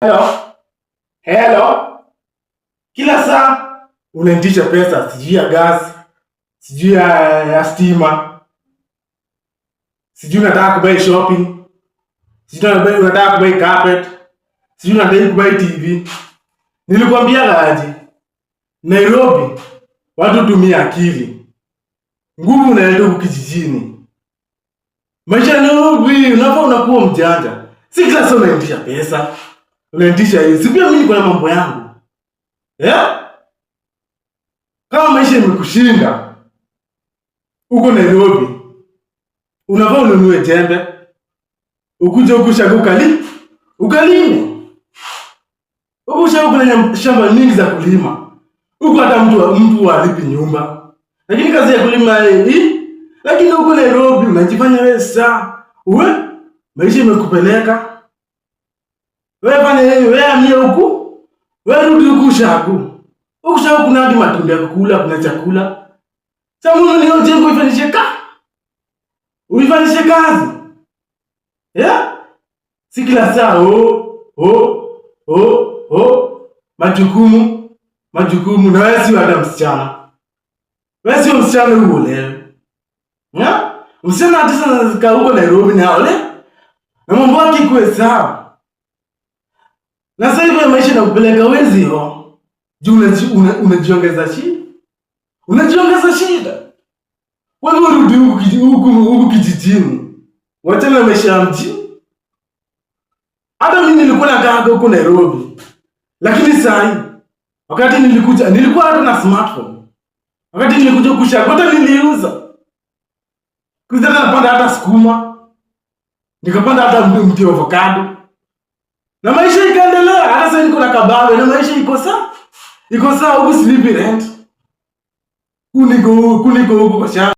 Hello? Hello? Kila saa unanitisha pesa, sijui ya gas, sijui ya stima, sijui unataka kubai shopping, sijui unataka kubai carpet, sijui unataka kubai TV. Nilikwambia laji Nairobi watu tumia akili, nguvu unaenda huku kijijini. Maisha Nairobi unapo unakuwa mjanja, si kila saa unanitisha pesa Unaendisha hii. Si pia mimi niko na mambo yangu. Eh? Kama maisha imekushinda uko Nairobi, unavaa ununue jembe, ukuje huku ukali, ukalime. Huku shamba kuna shamba nyingi za kulima. Huko hata mtu mtu alipi nyumba. Lakini kazi ya kulima hii, lakini uko Nairobi unajifanya wewe saa. Uwe maisha imekupeleka wepanyeyenyu weamie huku werudi huku ushaku ukushaku kuna hadi matunda ya kukula, kuna chakula sa muno niyo jengo uifanyishe ka uifanyishe kazi yeah? si kila saa oh, oh, oh, oh. majukumu majukumu, na wewe si hata msichana, wewe sio msichana huo leo eh? msichana hata zika huko Nairobi naole na mambo yake kuwe sawa na sasa hivyo maisha inakupeleka wezi ho. Juu unajiongeza una, una shida. Unajiongeza shida. Wewe urudi huku huku kijijini. wacha na maisha ya mji Hata mimi nilikuwa na gaga huko Nairobi. Lakini saa hii wakati nilikuja nilikuwa hata na smartphone. Wakati nilikuja kusha hata niliuza. kuzana hata napanda hata sukuma. Nikapanda hata mti wa avocado. Na maisha acabar, não é isso, coça? E coça algo sleepy, né? Kunigo, kunigo, coxa.